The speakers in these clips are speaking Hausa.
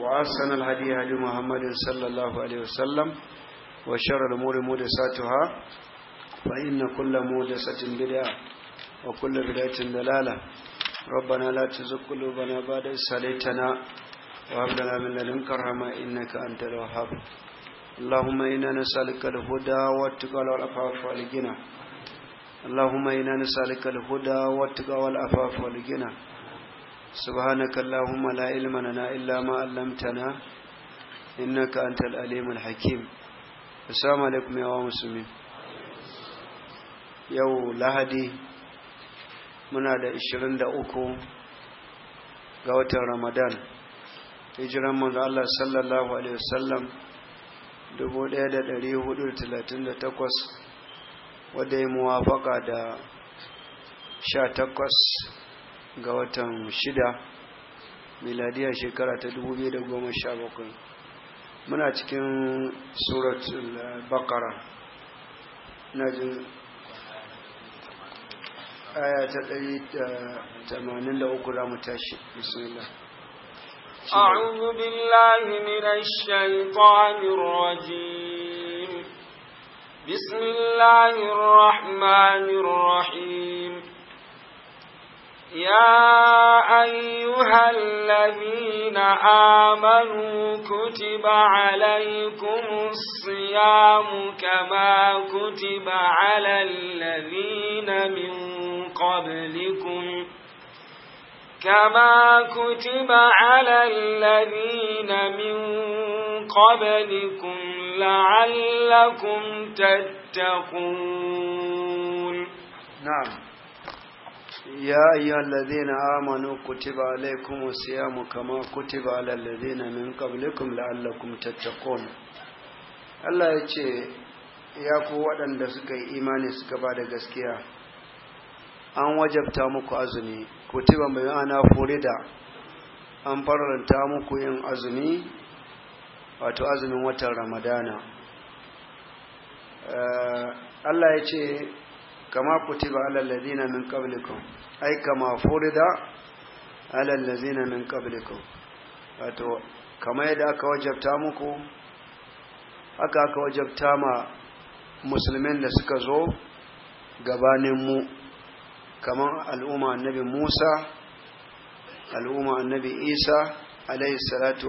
وأحسن الهدي هدي محمد صلى الله عليه وسلم وشر الأمور محدثاتها فإن كل محدثة بدعة وكل بدعة ضلالة ربنا لا تزغ قلوبنا بعد إذ هديتنا وهب لنا من لدنك رحمة إنك أنت الوهاب اللهم إنا نسألك الهدى والتقى والعفاف والغنى اللهم إنا نسألك الهدى والتقى والعفاف والغنى سبحانك اللهم لا علم لنا إلا ما علمتنا إنك أنت الأليم الحكيم السلام عليكم يا مسلمين yau lahadi muna da 23 ga watan ramadan hijiran manzo Allah sallallahu alaihi wasallam 1438 wadda ya muwafaka da sha 18 ga watan shida miladiya shekara ta 2017 muna cikin surat bakara na jin aya ta 183 za mu tashi bismillah أعوذ بالله من الشيطان الرجيم بسم الله الرحمن الرحيم يا أيها الذين آمنوا كتب عليكم الصيام كما كتب على الذين من قبلكم كما كتب على الذين من قبلكم لعلكم تتقون نعم يا أيها الذين آمنوا كتب عليكم الصيام كما كتب على الذين من قبلكم لعلكم تتقون الله يجي يا waɗanda suka yi imani suka ba da gaskiya an wajabta muku azumi kutiba mai ana furida an faranta muku yin azumi wato azumin watan ramadana Allah ya ce kama kutiba ala allazina min qablikum ai kama furida ala allazina min qablikum wato kama yadda aka wajabta muku haka aka wajabta ma musulmin da suka zo gabanin mu al'umma annabi Musa al'umma annabi Isa alayhi salatu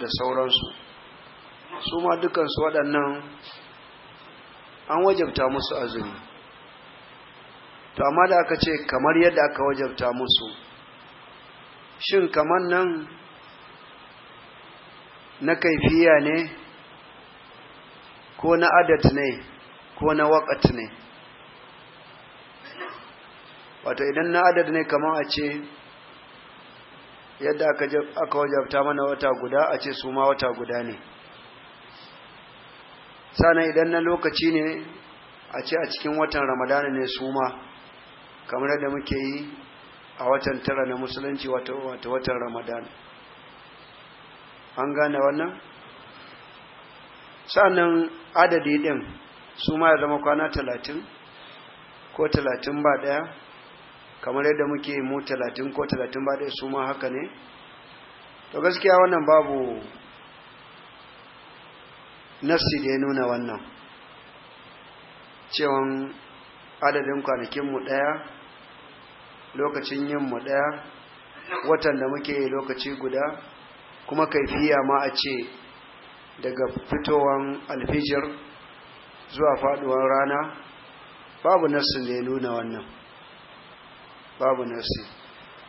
da sauransu su ma dukansu waɗannan an wajabta musu azumi to amma da aka ce kamar yadda aka wajabta musu shin kamar nan na kaifiya ne ko na adat ne ko na wakat ne wato idan na adad ne kamar a ce yadda aka wajabta mana wata guda a ce su ma wata guda ne sana idan na lokaci ne a ce a cikin watan ramadana ne su ma kamar yadda muke yi a watan tara na musulunci wato watan ramadan an gane wannan sa'annan adadi din su ma ya zama kwana talatin ko talatin ba ɗaya kamar yadda muke mu talatin ko talatin ba ɗaya su ma haka ne to gaskiya wannan babu nafsi da ya nuna wannan cewan adadin kwanakinmu ɗaya lokacin yinmu ɗaya watan da muke lokaci guda kuma kaifiya ma a ce daga fitowan alfijir zuwa faduwar rana babu nassin da nuna wannan babu nassi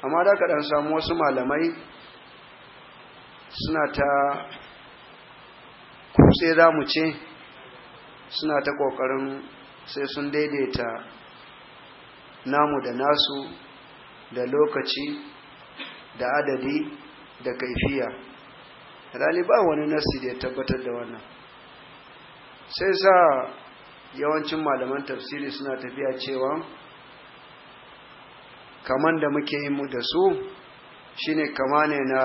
amma da kaɗan samu wasu malamai suna ta kutse za mu ce suna ta ƙoƙarin sai sun daidaita namu da nasu da lokaci da adadi da kaifiya ba wani nasi da ya tabbatar da wannan sai sa yawancin malaman tafsiri suna tafiya cewa kaman da muke yi mu da su shine kama ne na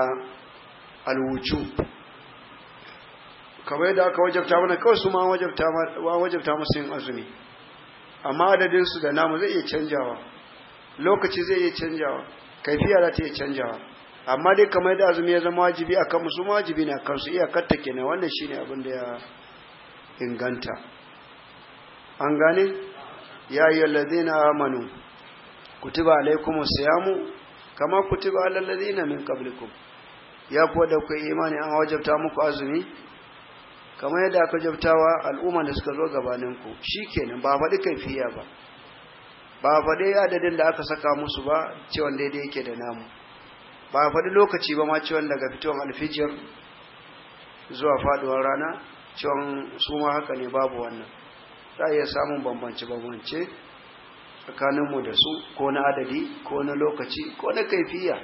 alwucu kamar yadda aka wajabta mana kawai su ma wajabta musu yin azumi amma adadin su da namu zai iya canjawa lokaci zai iya canjawa kaifiya za ta iya canjawa amma dai kamar da azumi ya zama wajibi a kan su wajibi ne a kansu iyakar ta kenan shi shine abin da ya inganta an gane ya yi allazina amanu kutiba alaikumus siyamu kama Kutuba alal ladina min qablikum ya kuwa da ku imani an wajabta muku azumi kamar yadda aka jabtawa al'umman da suka zo gabaninku shikenan ba faɗi kaifiya ba ba faɗi adadin da aka saka musu ba ciwon daidai yake da namu ba faɗi lokaci ba ma ciwon daga fitowar alfijir zuwa faɗuwar rana ciwon su ma haka ne babu wannan za a iya samun bambance-bambance tsakaninmu da su ko na adadi ko na lokaci ko na kaifiya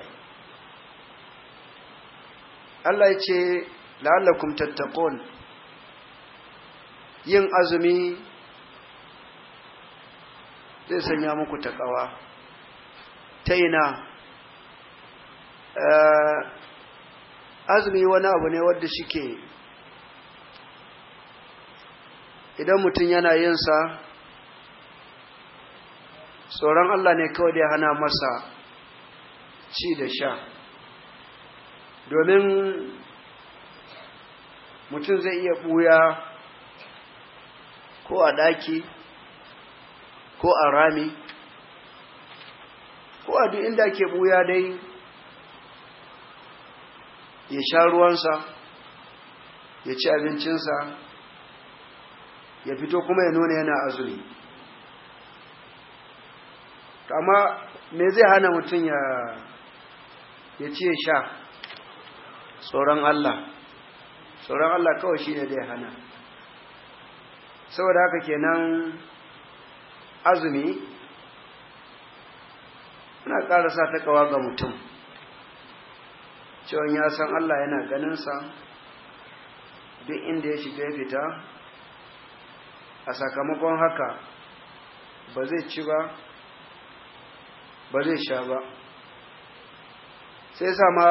Allah ya ce la'allakum tattaqun yin azumi zai sanya muku ta taƙawa ta ina eh, azumi wani abu ne wadda shike idan mutum yana yinsa tsoron Allah ne kawai da ya hana masa ci da sha domin mutum zai iya ɓuya ko a ɗaki ko a rami ko a duk inda ke buya dai ya sha ruwansa ya ci abincinsa ya fito kuma ya nuna yana azumi amma me zai hana mutum ya ya ce sha tsoron Allah tsoron Allah kawai shi ne zai hana saboda haka kenan azumi na ƙara sa ta ƙawa ga mutum cewa ya san Allah yana ganinsa duk inda ya shiga ya fita a sakamakon haka ba zai ci ba ba zai sha ba sai sama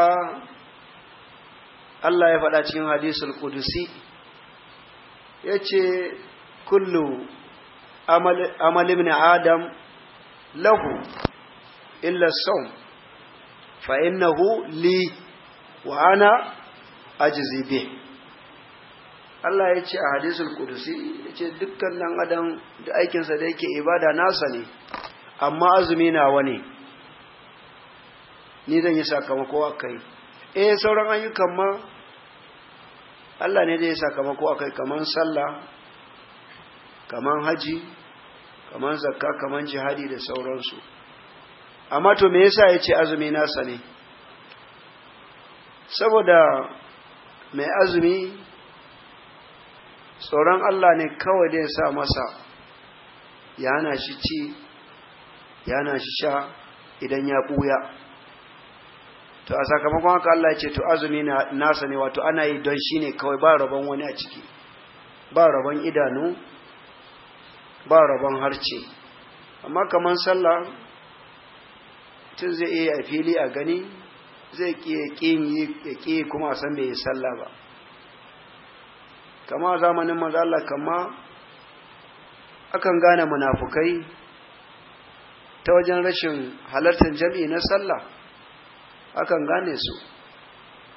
Allah ya faɗa cikin hadisul kudusi ya ce كل عمل, عمل ابن آدم له إلا الصوم فإنه لي وأنا أجزي به Allah ya ce a hadisul kudusi ya ce dukkan ɗan adam da aikinsa da yake ibada nasa ne amma azumi na wani. ni zan yi sakamako a kai eh sauran ayyukan ma Allah ne zai yi sakamako a kai kamar sallah kaman haji kaman zakka kaman jihadi da sauransu amma to me yasa ya ce azumi nasa ne saboda mai azumi tsoron Allah ne kawai da ya sa masa ya shi ci ya shi sha idan ya buya. to a sakamakon haka Allah ya ce to azumi nasa ne wato ana yi don shi ne kawai ba rabon wani a ciki ba rabon idanu ba rabon harci amma kamar sallah tun zai iya a fili a gani zai ƙi kuma a san bai yi sallah ba kama zamanin mazala kama akan gane munafukai ta wajen rashin halartar jam'i na sallah akan gane su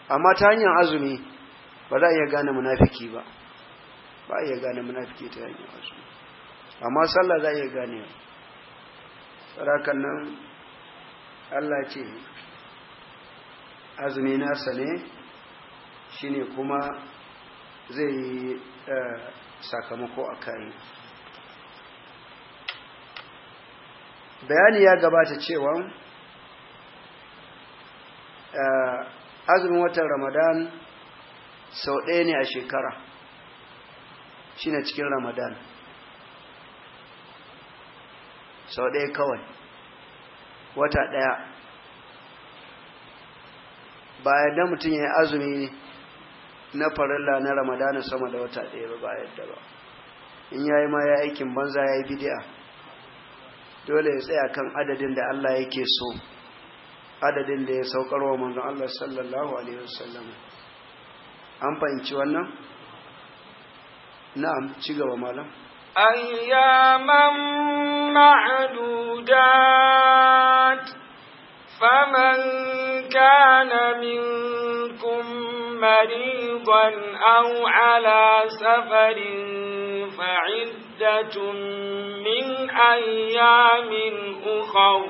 amma ta hanyar azumi ba za a iya gane munafiki ba ba a iya gane munafiki ta hanyar azumi amma sallah za a iya gane sarakan nan allah ce azumi nasa ne shine kuma zai yi eh, sakamako a kayi bayani ya gabata cewa eh, azumin watan ramadan sau ɗaya ne a shekara shine cikin ramadan sau ɗaya kawai wata ɗaya ba yadda mutum ya yi azumi na farilla na ramadana sama da wata ɗaya ba ba yadda ba in yayi ma ya aikin banza ya yi bidiya dole ya tsaya kan adadin da Allah yake so adadin da ya saukar wa manzon Allah sallallahu alaihi wasallam an fahimci wannan na'am ci gaba malam ayyaman معدودات فمن كان منكم مريضا أو على سفر فعدة من أيام أخر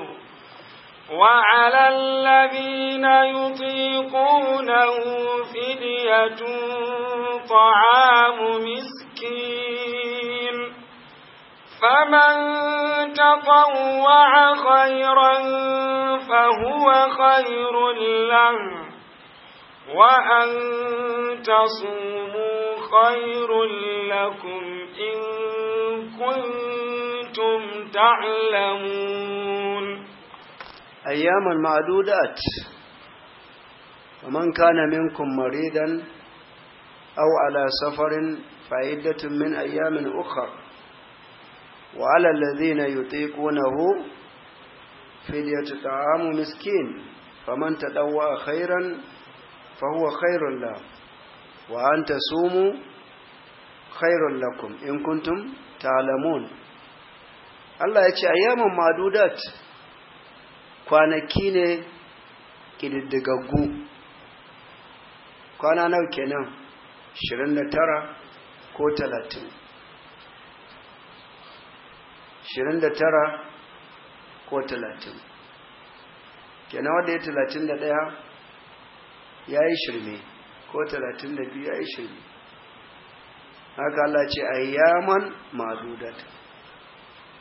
وعلى الذين يطيقونه فدية طعام مسكين فمن تطوع خيرا فهو خير له وأن تصوموا خير لكم إن كنتم تعلمون أيام معدودات ومن كان منكم مريدا أو على سفر فعدة من أيام أخرى وعلى الذين يطيقونه فدية طعام مسكين فمن تطوع خيرا فهو خير له وأن تصوموا خير لكم إن كنتم تعلمون Allah ya ce ayyaman madudat kwanaki ne ƙididdigaggu kwana nawa kenan 29 ko 30 29 ko 30 kenan wanda ya 31 ya yi shirme ko 32 ya yi shirme haka Allah ce ayyaman madudat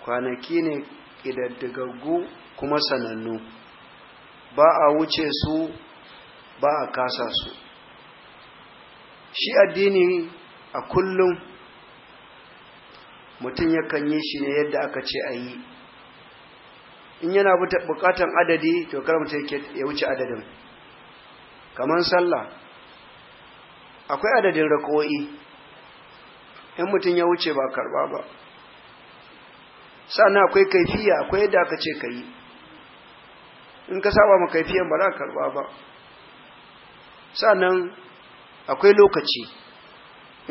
kwanaki ne ƙidaddigaggu kuma sanannu ba a wuce su ba a kasa su shi addini a kullum mutum yakan yi shi ne yadda aka ce a yi in yana bukatan adadi to kar ta ya wuce adadin kamar sallah akwai adadin rako'i in mutum ya wuce ba karba ba sannan akwai kaifiya akwai yadda aka ce ka yi in ka saba ma kaifiyan ba za ka karba ba sannan akwai lokaci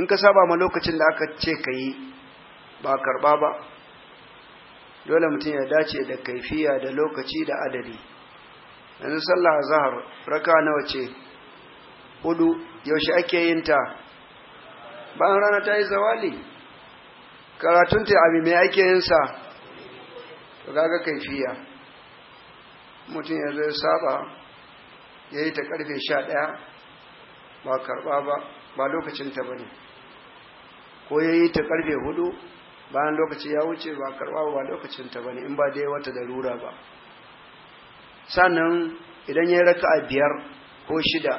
in ka saba ma lokacin da aka ce ka yi ba karba ba dole mutum ya dace da kaifiya da lokaci da adadi yanzu sallah zahar raka nawa ce hudu yaushe ake yin ta bayan rana ta yi zawali karatun ta abi mai ake yin sa to kaga kaifiya mutum ya zai saba ya yi ta karfe sha ɗaya ba karɓa ba ba lokacinta ba ne ko ya yi ta karfe hudu bayan lokaci ya wuce ba karɓa ba lokacinta ba ne in ba dai wata darura ba sannan idan ya raka a biyar ko shida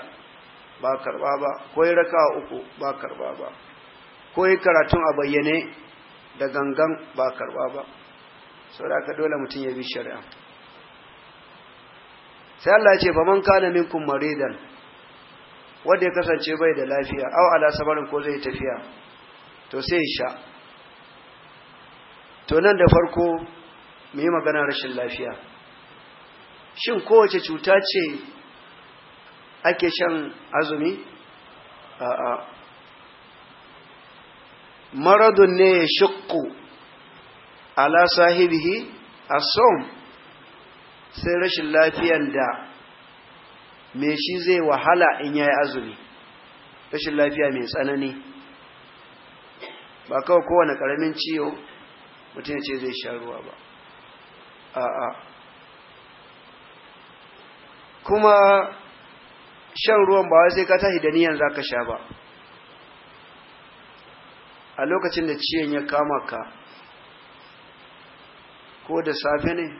ba karɓa ba ko ya raka a uku ba karɓa ba ko ya karatun a bayyane da gangan ba karɓa ba sau da aka dole mutum ya bi shari'a sai Allah ce ba man kana minkun maridan wanda ya kasance bai da lafiya au ala sabarin ko zai tafiya to sai ya sha to nan da farko mu yi magana rashin lafiya shin kowace cuta ce ake shan azumi a'a maradun ne ya shukku ala sahibihi a son sai rashin lafiyan da me shi zai wahala in ya yi azumi rashin lafiya mai tsanani ba kawai kowane ƙaramin ciwo mutum ya ce zai sha ruwa ba a'a kuma shan ruwan ba sai ka tashi da niyan zaka sha ba a lokacin da ciyen ya kama ka ko da safe ne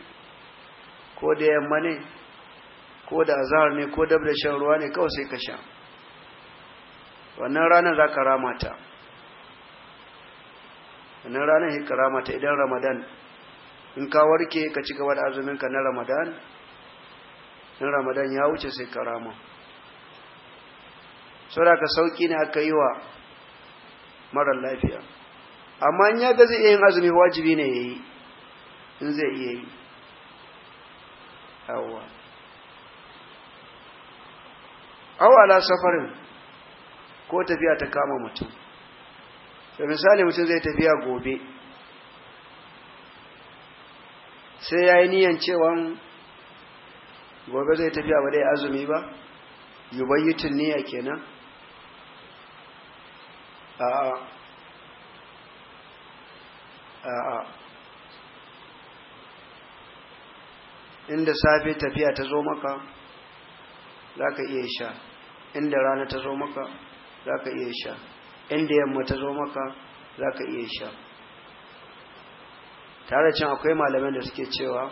ko da yamma ne ko da azahar ne ko da shan ruwa ne kawai sai ka sha wannan ranar za ka rama ta wannan ranar ya karama ta idan ramadan in ka warke ka ci gaba da azuminka na ramadan in ramadan ya wuce sai karama saboda ka sauki ne aka yi wa marar lafiya amma in ya ga zai iya yin azumi wajibi ne ya yi in zai iya yi yawwa awa ala safarin ko tafiya ta kama mutum da misali mutum zai tafiya gobe sai ya yi niyan cewan gobe zai tafiya ba dai azumi ba yubayyutun niya kenan a'a a'a inda safe tafiya ta zo maka za ka iya sha inda rana ta zo maka za ka iya sha inda yamma ta zo maka za ka iya sha tare can akwai malamai da suke cewa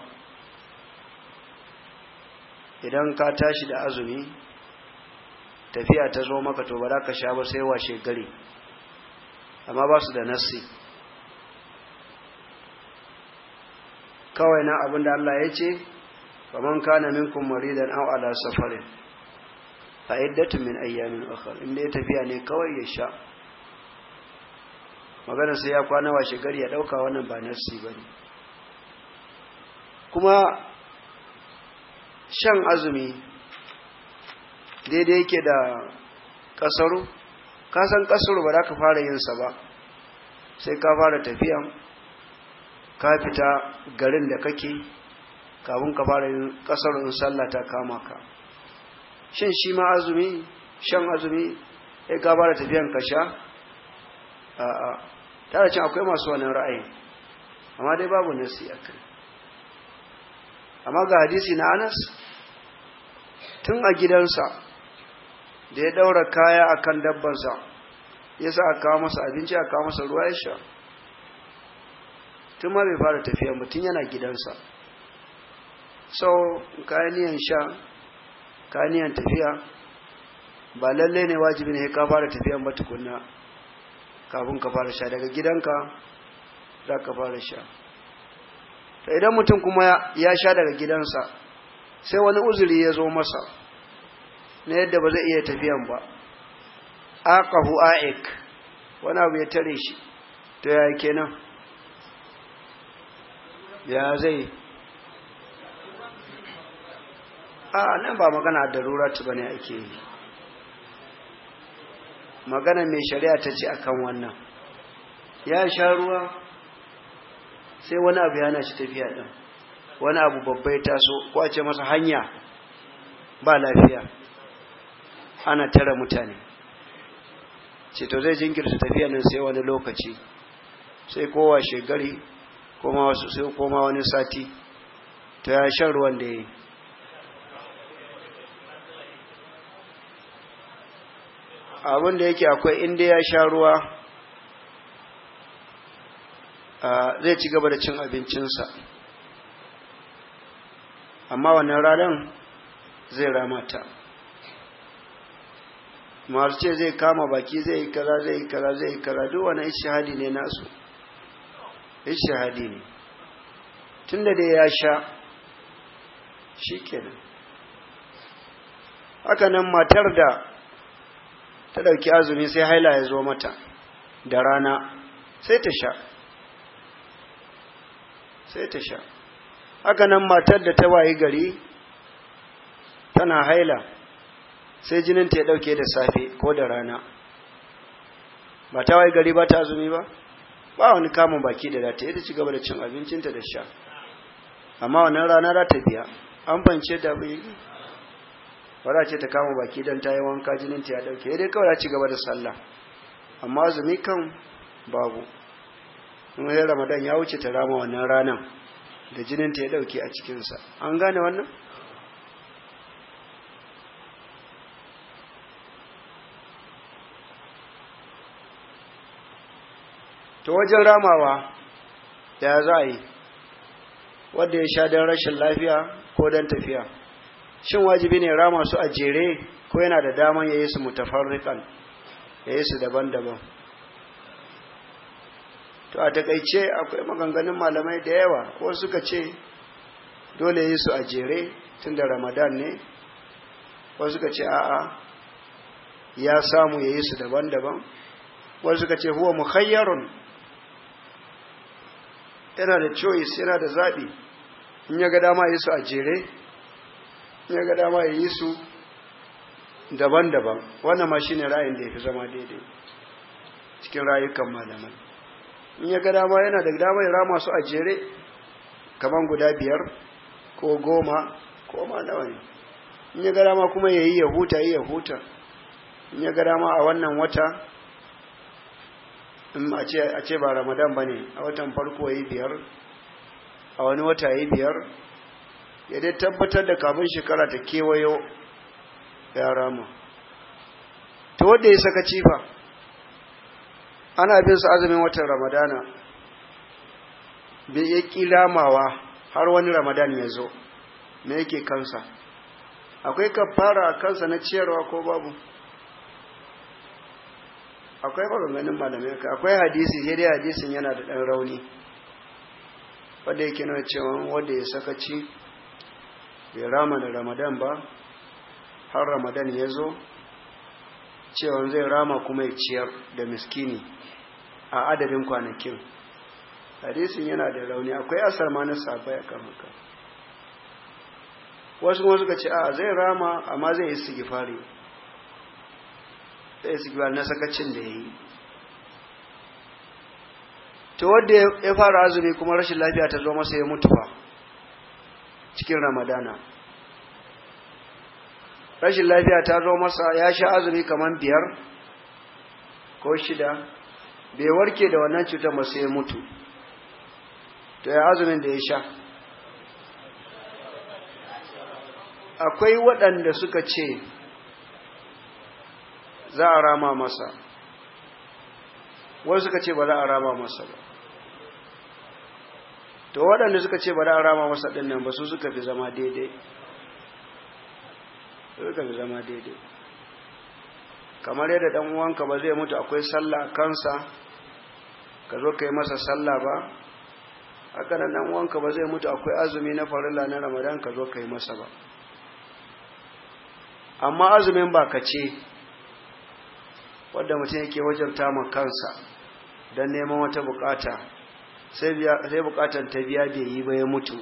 idan ka tashi da azumi tafiya ta zo maka to ba za ka sha ba sai washe gari amma ba su da nassi kawai na abin da Allah ya ce kamar kana minkum maridan aw ala safarin fa min ayyamin ukhra inda ya tafiya ne kawai ya sha magana sai ya kwana washe gari ya dauka wannan ba nasi ne kuma shan azumi daidai yake da kasaru ka san kasaru ba za ka fara yinsa ba sai ka fara tafiya ka fita garin da kake kafin ka fara yin kasarun sallah ta kama ka shin shi ma azumi shan azumi sai ka fara tafiyan ka sha da cin akwai masu wani ra'ayi amma dai babu nasi a kai amma ga hadisi na anas tun a gidansa da ya daura kaya a kan dabbansa ya sa a kawo masa abinci a kawo masa ruwa ya sha tun ma bai fara tafiya mutum yana gidansa sau kayaniyan sha kayaniyan tafiya ba lallai ne wajibi ne ya fara tafiyan ba tukunna kafin ka fara sha daga gidanka za ka fara sha ta idan mutum kuma ya sha daga gidansa sai wani uzuri ya zo masa na yadda ba zai iya tafiyan ba aqahu aik wani abu ya tare shi to ya kenan ya zai a nan ba magana da ba bane ake yi magana mai shari'a ta ce akan wannan ya sha ruwa sai wani abu yana shi tafiya ɗin wani abu babba ya taso kwace masa hanya ba lafiya ana tara mutane ceto zai jinkirta tafiya nan sai wani lokaci sai kowa shegari kuma wasu sai koma wani sati ta shan ruwan da ya yi abin da yake akwai inda ya sha ruwa zai ci gaba da cin abincinsa amma wannan ranar zai ramata ce zai kama baki zai yi kaza zai yi kaza zai yi kaza duk wani ishihadi ne nasu ishihadi ne tun da dai ya sha shi kenan hakanan matar da ta ɗauki azumi sai haila ya zo mata da rana sai ta sha sai ta sha haka nan matar da ta wayi gari tana haila sai jinin ta ya ɗauke da safe ko da rana ba ta wayi gari ba ta azumi ba ba wani kamun baki da ta ita ci gaba da cin abincinta da sha amma wannan rana za ta biya an fance da bai ba ce ta kama baki don ta yi wanka jinin ta ya dauke dai kawai ci gaba da sallah amma azumi kan babu in ya ramadan ya wuce ta rama wannan ranar da jinin ta ya dauke a cikinsa an gane wannan ta wajen ramawa ya za a yi wanda ya sha don rashin lafiya ko don tafiya shin wajibi ne rama su a jere ko yana da daman ya yi su mutafarrikan ya yi su daban-daban to a takaice akwai maganganun malamai da yawa ko suka ce dole ya yi su a jere tun da ramadan ne Ko suka ce a'a ya samu ya yi su daban-daban Ko suka ce huwa muhayyarun yana da choice yana da zaɓi in ya ga dama ya yi su a jere ne ga dama ya yi su daban-daban wannan ma shine ra'ayin da ya fi zama daidai cikin rayukan malamai in ya ga dama yana da dama ya rama su a jere kaman guda biyar ko goma ko ma nawa ne in ya ga dama kuma ya yi ya huta ya huta in ya ga dama a wannan wata in a ce ba ramadan ba ne a watan farko ya yi biyar a wani wata ya yi biyar ya dai tabbatar da kafin shekara ta kewayo ya rama ta wadda ya saka cifa ana bin su azumin watan ramadana bai ya ƙilamawa har wani ramadan ya zo me yake kansa akwai kafara a kansa na ciyarwa ko babu akwai ganin malamai akwai hadisi sai dai hadisin yana da ɗan rauni wadda yake nuna cewa wadda ya saka ci? bai rama da ramadan ba har ramadan ya zo cewa zai rama kuma ya ciyar da miskini a adadin kwanakin hadisin yana da rauni akwai asar ma na sabai a kan wasu wasu kuma suka ce a zai rama amma zai yi sigifari zai yi sigifari na sakacin da ya yi ta wadda ya fara azumi kuma rashin lafiya ta zo masa ya mutu ba cikin ramadana rashin lafiya ta zo masa ya sha azumi kamar biyar ko shida bai warke da wannan cutar ba ya mutu to ya azumin da ya sha akwai waɗanda suka ce za a rama masa wasu suka ce ba za a rama masa ba to waɗanda suka ce ba a rama masa ɗin nan ba su suka fi zama daidai suka fi zama daidai kamar yadda ɗan uwanka ba zai mutu akwai sallah kansa ka zo ka yi masa sallah ba haka nan ɗan uwanka ba zai mutu akwai azumi na farilla na ramadan ka zo ka yi masa ba amma azumin ba ka ce wadda mutum yake wajen ma kansa don neman wata bukata sai bukatar ta biya bai yi ba ya mutu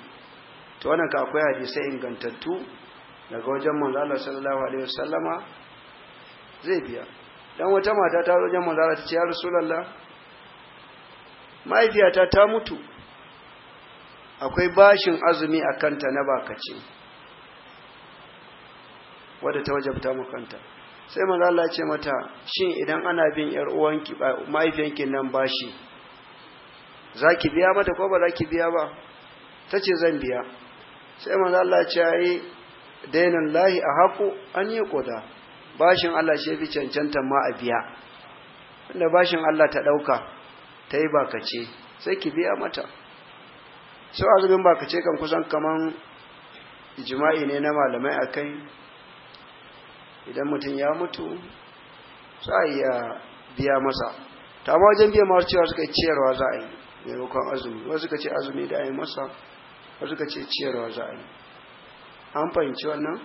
ta wannan ka akwai hadisai ingantattu daga wajen manzo Allah sallallahu alaihi wasallama zai biya dan wata mata ta wajen manzo Allah ta ce ya rasulullah mahaifiyata ta mutu akwai bashin azumi a kanta na bakaci wadda ta wajabta mu kanta sai manzo Allah ya ce mata shin idan ana bin yar uwanki mahaifiyanki nan bashi za ki biya mata ko ba za ki biya ba ta ce zan biya sai manzo Allah ce ai dainan lahi a haku an yi koda bashin Allah shi fi cancanta ma a biya inda bashin Allah ta ɗauka ta yi bakace sai ki biya mata sau azumin bakace kan kusan kaman jima'i ne na malamai a idan mutum ya mutu za a biya masa ta wajen biya masu cewa suka ciyarwa za a yi maimakon azumi wasu ka ce azumi da a yi masa wasu ka ce ciyarwa za a yi an fahimci wannan?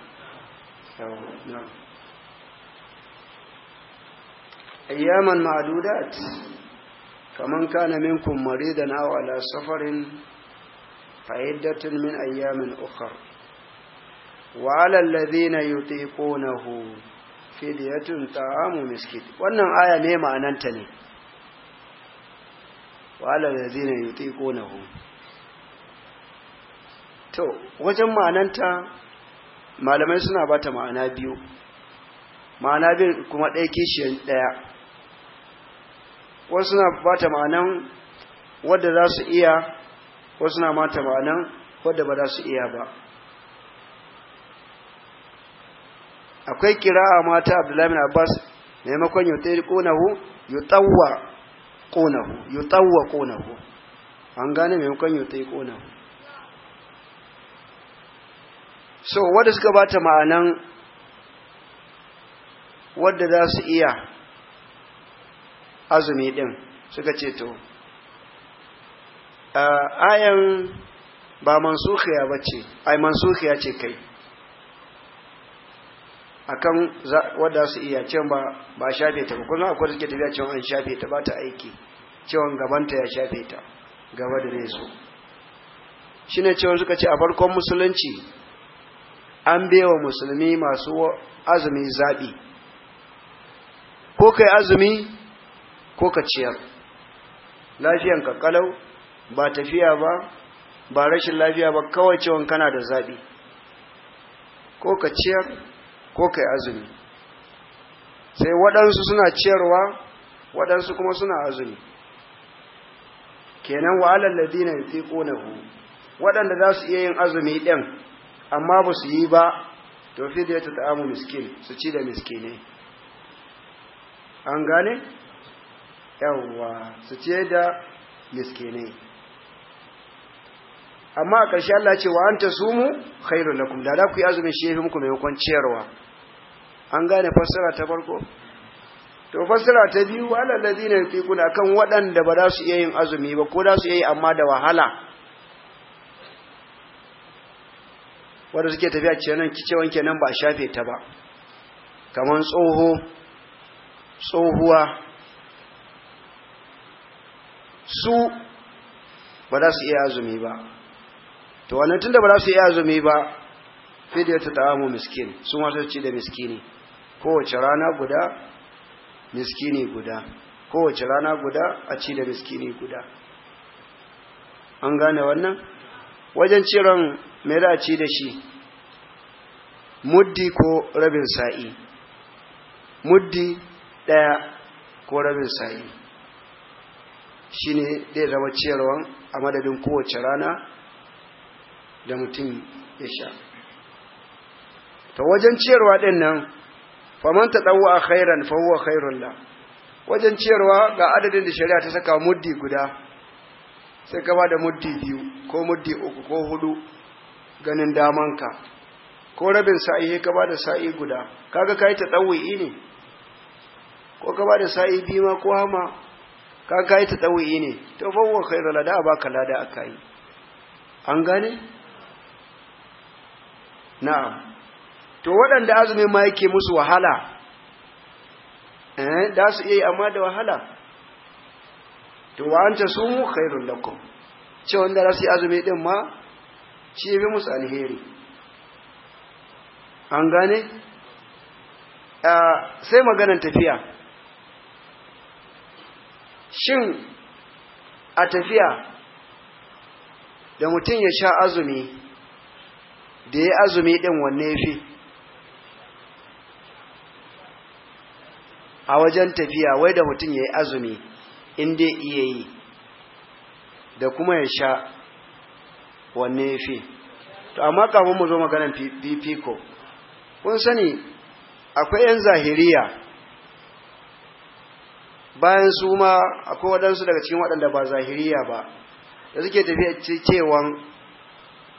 ayyaman ma'adudat na minkun minkum da nawa da safarin fa'iddatun min ayyamin ukar. wa na 'ala alladhina yutiqunahu fidyatun ta'amu miskiti wannan aya ne ma'ananta ne wa'ala na hun to wajen ma'ananta malamai suna ba ta ma'ana biyu ma'ana biyu kuma ɗaya kishiyar ɗaya wasu suna bata ma'anan wadda za su iya wasu suna ta ma'anan wadda ba za su iya ba akwai kira a mata abdullahi abbas maimakon yau ta yi ƙonahu yau tsawwa ƙonahu yutawwa ƙonahu an gane yi maimakon yutai ƙonahu so wadda suka bata ma'anan wadda za su iya azumi ɗin suka ce to ayan ba mansukhiya ba ce ai mansukhiya ce kai akan wadda su iya cewa ba ba shafe ta ba kuma akwai suke tafiya cewa an shafe ta ba ta aiki cewa gabanta ya shafe ta gaba da ne so shine cewa suka ce a farkon musulunci an bewa musulmi masu azumi zaɓi ko kai azumi ko ka ciyar lafiyan ka ba tafiya ba ba rashin lafiya ba kawai cewa kana da zaɓi ko ka ciyar ko kai azumi sai waɗansu suna ciyarwa waɗansu kuma suna azumi kenan wa alal ladina yutiqunahu waɗanda za su iya yin azumi ɗin amma ba su yi ba to fi da ta ta'amu miskin su ci da miskine. an gane yawwa su ci da miskine amma a ƙarshe Allah ce wa ta sumu khairu lakum da za ku yi azumin shi fi muku maimakon ciyarwa an gane fassara ta farko to fassara ta biyu wala ladina yutiquna akan waɗanda ba za su iya yin azumi ba ko za su iya yi amma da wahala wanda suke tafiya kice wanke nan ba a shafe ta ba kaman tsoho tsohuwa su ba za su iya azumi ba to wannan tunda ba za su iya azumi ba fidiyatu ta'amu miskin sun wasu ci da miskini kowace rana guda miskini guda kowace rana guda a ci da miskini guda an gane wannan wajen ciran mai da ci da shi muddi ko rabin sa'i muddi ɗaya ko rabin sa'i shi ne zai zama ciyarwa a madadin kowace rana da mutum ya sha ta wajen ciyarwa ɗin nan faman a khairan fahuwa huwa la wajen ciyarwa ga adadin da shari'a ta saka muddi guda sai ka da muddi biyu ko muddi uku ko hudu ganin damanka ko rabin sa'i ka da sa'i guda kaga kai tadawwi ne ko ka da sa'i biyu ma ko hama kaga kai tadawwi ne to fa huwa khairul la da baka lada akai an gane na'am to waɗanda azumi ma yake musu wahala eh da su iya yi amma da wahala to wa'anta su mu khairul lakum ce wanda za su yi azumi din ma shi bi musu alheri an gane sai maganan tafiya shin a tafiya da mutum ya sha azumi da ya azumi din wanne fi a wajen tafiya wai da mutum ya yi azumi in dai iya yi da kuma ya sha wanne ya fi to amma kamun mu zo maganar fifiko kun sani akwai 'yan zahiriya bayan su ma akwai waɗansu daga cikin waɗanda ba zahiriya ba da suke tafiya cewan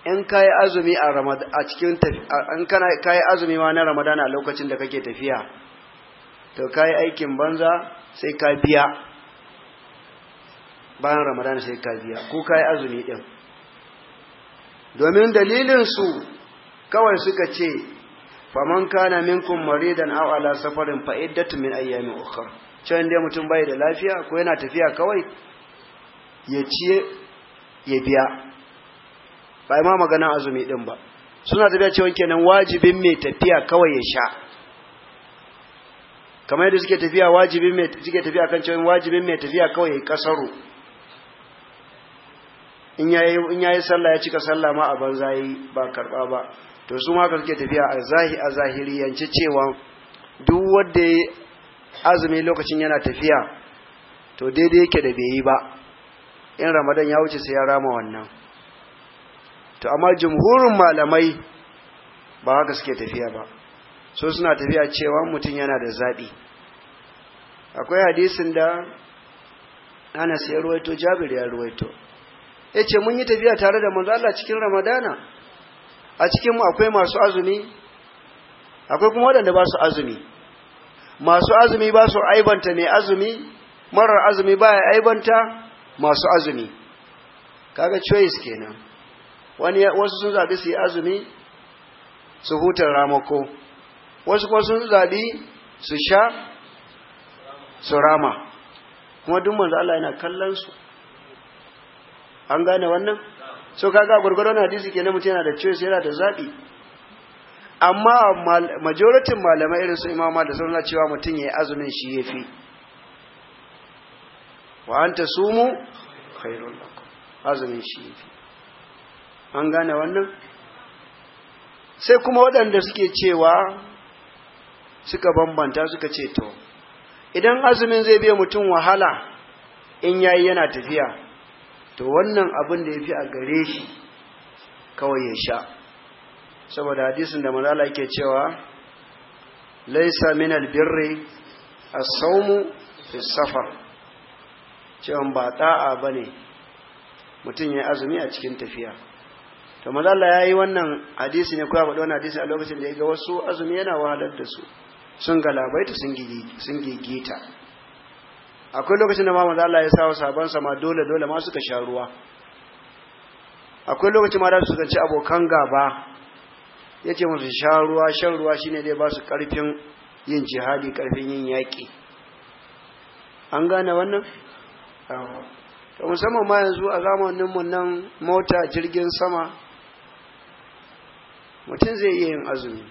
in kayi azumi a cikin tafiya kana azumi ma na ramadana a lokacin da kake tafiya to ka yi aikin banza sai ka biya bayan ramadan sai ka biya ko ka yi azumi ɗin domin dalilinsu kawai suka ce faman kana minkum maridan aw ala safarin fa iddatu min ayyamin ukhra can dai mutum bai da lafiya ko yana tafiya kawai ya ciye ya biya ba ma magana azumi din ba suna tafiya cewa kenan wajibin mai tafiya kawai ya sha kamar yadda suke tafiya wajibin mai suke tafiya kan cewa wajibin mai tafiya kawai ya kasaro in yayi in yayi sallah ya cika sallah ma a banza yi ba karba ba to su ma suke tafiya a zahi a yance cewa duk wanda azumi lokacin yana tafiya to daidai yake da bai yi ba in ramadan ya wuce sai ya rama wannan to amma jumhurin malamai ba haka suke tafiya ba so suna tafiya cewa mutum yana da zaɓi akwai hadisin da ana ya ruwaito jabir ya ruwaito ya ce mun yi tafiya tare da manzo Allah cikin ramadana a cikin mu akwai masu azumi akwai kuma waɗanda ba su azumi masu azumi ba su aibanta mai azumi marar azumi ba ya aibanta masu azumi kaga choice kenan wani wasu sun zaɓi su yi azumi su hutar ramako wasu kuma sun zaɓi su sha su rama kuma duk manzo Allah yana kallon su an gane wannan so kaga gurgurdan hadisi kenan mutum yana da choice yana da zaɓi, amma majoritin malamai irin su imama da sauran cewa mutum yayi azumin shi yafi wa anta sumu khairul lakum azumin shi yafi an gane wannan sai kuma waɗanda suke cewa suka bambanta suka ce to idan azumin zai biya mutum wahala in yayi yana tafiya to wannan abin da yafi a gare shi kawai ya sha saboda hadisin da manzala yake cewa laysa min albirri as-sawmu fi safar cewa ba da'a bane mutum yayi azumi a cikin tafiya to manzala yayi wannan hadisi ne ko ya wannan hadisi a lokacin da ya ga wasu azumi yana wahalar da su sun galabaita sun gigita akwai lokacin da mamman Allah ya sa wa sabansa sama dole-dole ma suka sha ruwa akwai lokacin ma da su zance abokan gaba ya ce musu sha ruwa shan ruwa shine dai ba su karfin yin jihadi karfin yin yaƙi an gane wannan? ta musamman ma yanzu a zamaninmu nan mota jirgin sama mutum zai iya yin azumi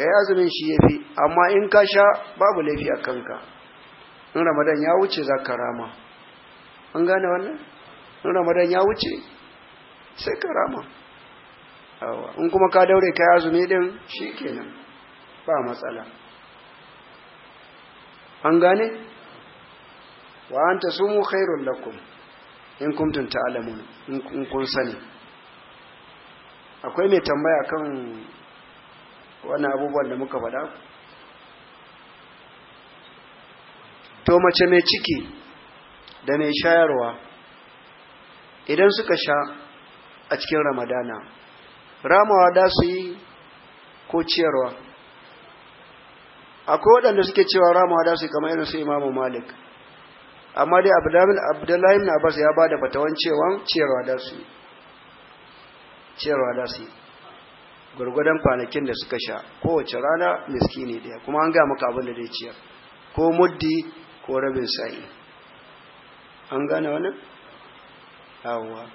ka yi azumin shi ya fi amma in ka sha babu laifi a kanka in ramadan ya wuce za ka rama an gane wannan in ramadan ya wuce sai ka rama in kuma ka daure ka yi azumi din shi kenan ba matsala an gane wa an ta sumu khairun lakum in kuntum ta'lamun in kun sani akwai mai tambaya kan wani abubuwan da muka faɗa to mace mai ciki da mai shayarwa idan suka sha a cikin ramadana ramawa da su yi ko ciyarwa akwai waɗanda suke cewa ramawa da su yi kamar irin su imamu malik amma dai abdullahi na abbas ya ba da fatawan cewa ciyarwa da su yi ciyarwa da su yi gwargwadon kwanakin da suka sha kowace rana miskini ɗaya kuma an ga maka abin da zai ciyar ko muddi ko rabin sa'i an gane wani yawwa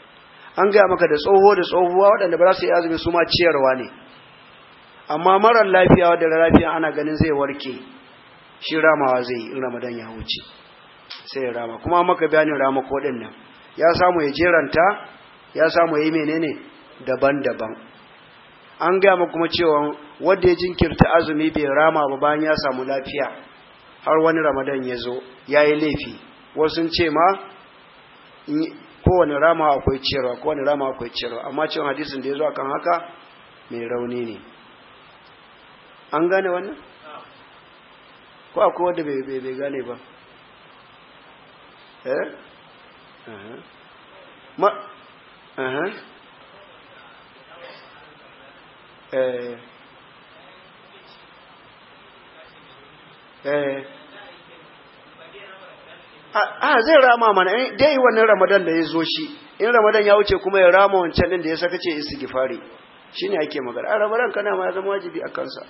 an gaya maka da tsoho da tsohuwa waɗanda ba za su yi azumi su ma ciyarwa ne amma marar lafiya wadda lafiya ana ganin zai warke shi ramawa zai yi in ramadan ya wuce sai ya rama kuma maka bayanin rama ko ɗin nan ya samu ya jeranta ya samu ya yi menene daban-daban an gaya mu kuma cewa wanda ya jinkirta azumi bai rama ba bayan ya samu lafiya har wani ramadan ya zo ya yi laifi wasu sun ce ma kowane rama akwai ciyarwa kowane rama akwai ciyarwa amma cewa hadisin da ya zo akan haka mai rauni ne an gane wannan ko akwai wanda bai gane ba eh uh -huh. ma uh -huh. eh eh a zai rama mana eh, dai wannan ramadan da ya zo shi in ramadan ya wuce kuma ya rama wancan din da ya saka ce istighfari shine ake magana a ramadan kana ma ya zama wajibi a kansa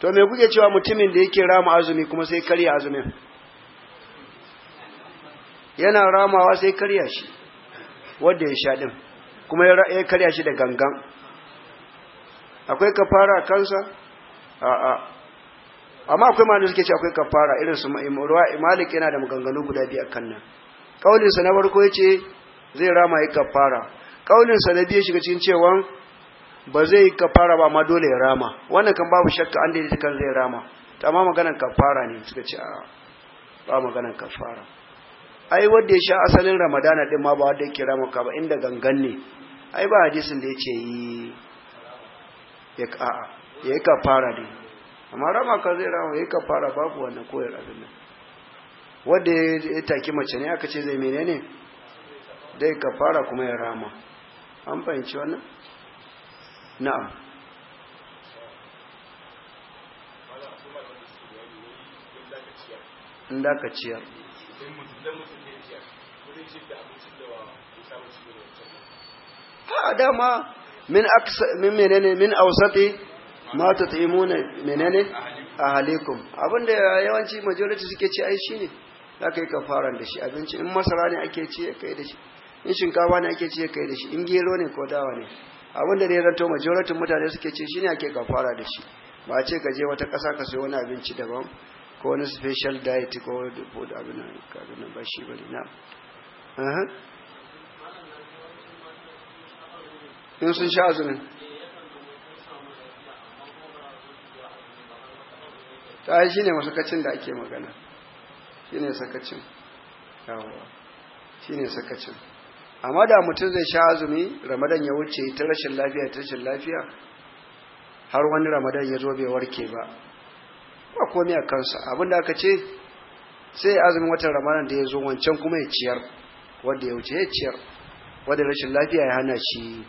to me kuke cewa mutumin da yake rama azumi kuma sai karya azumin yana ramawa sai karya shi wanda ya sha din kuma ya karya shi da gangan akwai kafara kansa a'a amma akwai malamin suke ce akwai kafara irin su Malik yana da maganganu guda biyu akan nan kaulin sa na farko yace zai rama yi kafara kaulin sa na biyu shiga cikin cewa ba zai yi kafara ba amma dole ya rama wannan kan babu shakka an daidaita kan zai rama amma maganar kafara ne suka ce a ba maganar kafara ai wanda ya sha asalin Ramadana din ma ba wanda yake rama ka ba inda gangan ne ai ba hadisin da yake yi ya ka'a ya yi kafara dai amma rama ka zai rama ya yi kafara babu wannan koyar abin nan wanda ya taki mace ne aka ce zai menene dai kafara kuma ya rama an fahimci wannan na'am in da ka ciyar dama min aksa min menene min awsati ma tat'imuna menene ahalikum abinda yawanci majority suke ci ai shine za ka yi kafaran shi abinci in masara ne ake ci ya kai in shinkafa ne ake ci ya kai in gero ne ko dawa ne abinda dai ranto majority mutane suke ci shine ake kafara da ba ce ka je wata kasa ka sayo wani abinci daban ko wani special diet ko in sun sha azumin ta yi shi ne masakacin da ake magana shi ne sakacin yawon shi ne sakacin amma da mutum zai sha azumi ramadan ya wuce ta rashin lafiya ta rashin lafiya har wani ramadan ya zo bai warke ba ba komai a kansa abinda aka ce sai azumin watan ramadan da ya zo wancan kuma ya ciyar wanda ya wuce ya ciyar wanda rashin lafiya ya hana shi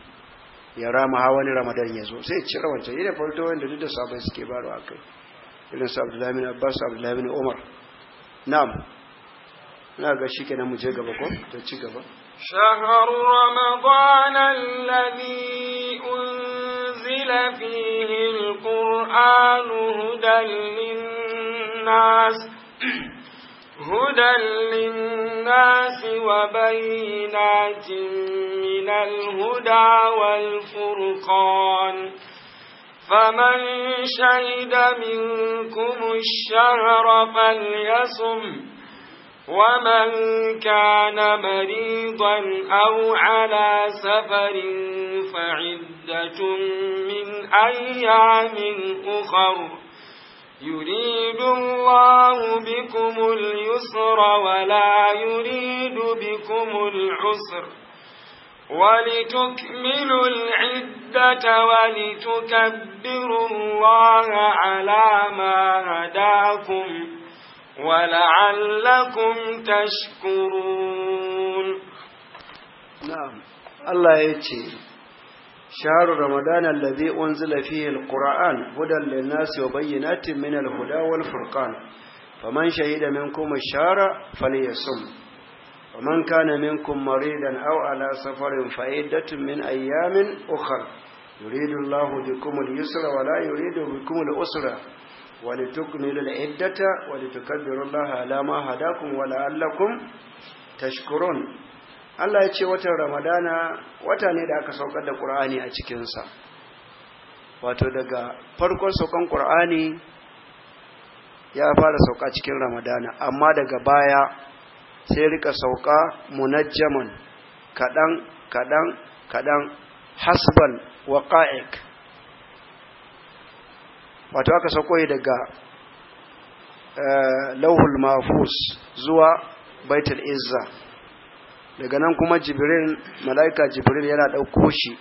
ya rama ha wani ramadan ya zo sai cire wancan yana farto wanda duk da sabai suke baro a kai irin su abdullahi bin abbas abdullahi bin umar na'am na ga shi kenan mu je gaba ko ta ci gaba شهر رمضان الذي أنزل فيه القرآن هدى للناس هدى للناس وبينات من الهدى والفرقان فمن شهد منكم الشهر فليصم ومن كان مريضا أو على سفر فعدة من أيام أخر يريد الله بكم اليسر ولا يريد بكم العسر ولتكملوا العدة ولتكبروا الله على ما هداكم ولعلكم تشكرون نعم الله يتيم شهر رمضان الذي أنزل فيه القرآن هدى للناس وبينات من الهدى والفرقان فمن شهد منكم الشهر فليصم ومن كان منكم مريضا أو على سفر فعدة من أيام أخر يريد الله بكم اليسر ولا يريد بكم الأسرة ولتكمل العدة ولتكبروا الله على ما هداكم ولعلكم تشكرون Allah ya ce watan Ramadana wata ne da aka saukar da Qur'ani a cikinsa. Wato daga farkon saukan Qur'ani ya fara sauka cikin Ramadana, amma daga baya sai rika sauka munajjaman kaɗan kaɗan kaɗan hasban waqa'iq. Wato aka sauko daga eh, lauhul mafus zuwa baitul izza daga nan kuma jibril mala'ika jibril yana ɗauko shi